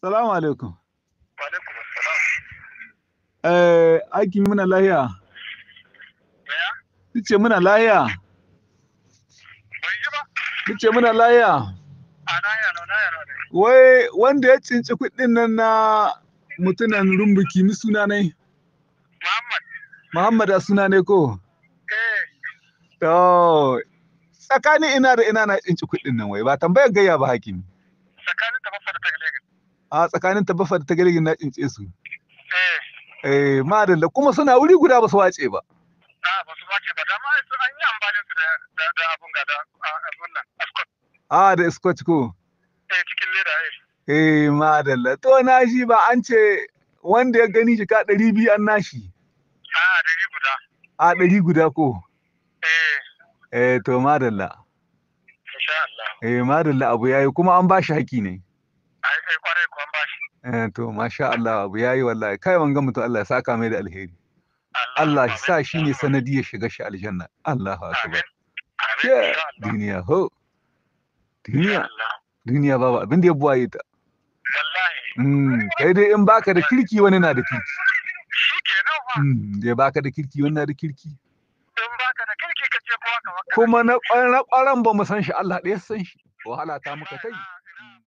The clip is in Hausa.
Salamu alaikum. Eh, aikin aiki muna lahiya. Ni ce muna lahiya. Ban ba. ce muna lahiya. A na lahiya ne. Wai wanda ya cinci kuɗin nan na mutunan rumbuki ni suna ne? Muhammad. Muhammad a suna ne ko? Eh. To, ina da ina na cinci kuɗin nan wai ba tambayar gayya ba hakimi. a tsakanin tabbafar da tagaligin na cince su eh. eh madalla kuma suna wuri guda ba su wace ba a ba su wace ba dama an yi amfani su da da abun ga da abun nan escort a da escort ko eh cikin leda eh eh madalla to na shi ba an ce wanda ya gani shi ka ɗari biyu an nashi a ɗari guda a ɗari guda ko eh eh to madalla insha Allah eh madalla abu yayi kuma an ba shi haƙi ne eh kwarai kuwan bashi eh to masha Allah abu yayi wallahi kai wanga mutu Allah ya saka mai da alheri Allah shi sa shi ne sanadi ya shiga shi aljanna Allahu akbar ke duniya ho duniya duniya baba abin da ya buwaye ta wallahi hmm, kai dai in baka da kirki wani na da kirki shikenan fa hmm, baka da kirki wani na da kirki kuma na ƙwaran ba mu san shi Allah ɗaya san shi wahala ta muka kai